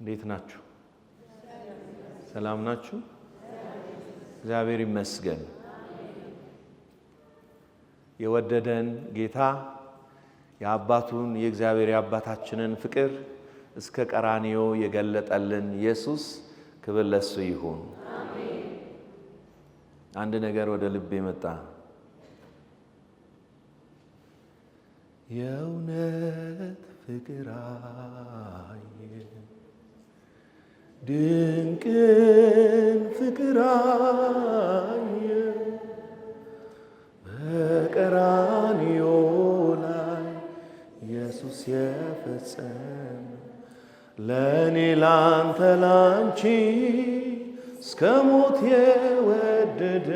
እንዴት ናችሁ? ሰላም ናችሁ? እግዚአብሔር ይመስገን። የወደደን ጌታ የአባቱን የእግዚአብሔር የአባታችንን ፍቅር እስከ ቀራንዮ የገለጠልን ኢየሱስ ክብር ለሱ ይሁን። አንድ ነገር ወደ ልብ የመጣ የእውነት ፍቅር አይ ድንቅን ፍቅር አየ በቀራንዮ ላይ ኢየሱስ የፈጸመ ለእኔ ላንተ ላንቺ እስከ ሞት የወደደ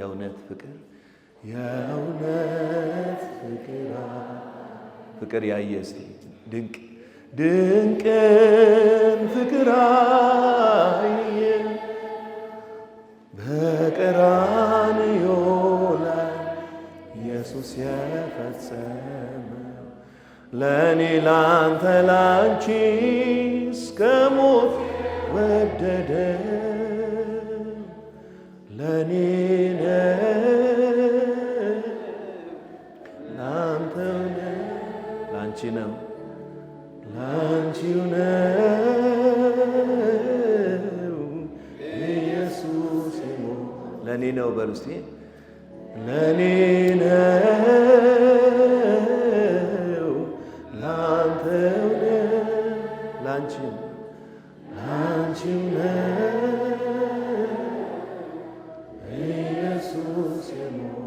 የእውነት ፍቅር የእውነት ፍቅር ፍቅር ያየ ድንቅ ድንቅን ፍቅር አየን በቀራንዮ ላይ ኢየሱስ የፈጸመ ለእኔ ላንተ ላንቺ እስከ ሞት ወደደ ለእኔ ላንተ ላንቺ ነው። ላንቺው ነው ለእኔ ነው በሉ እስቲ ለእኔ ነው ነው ኢየሱስ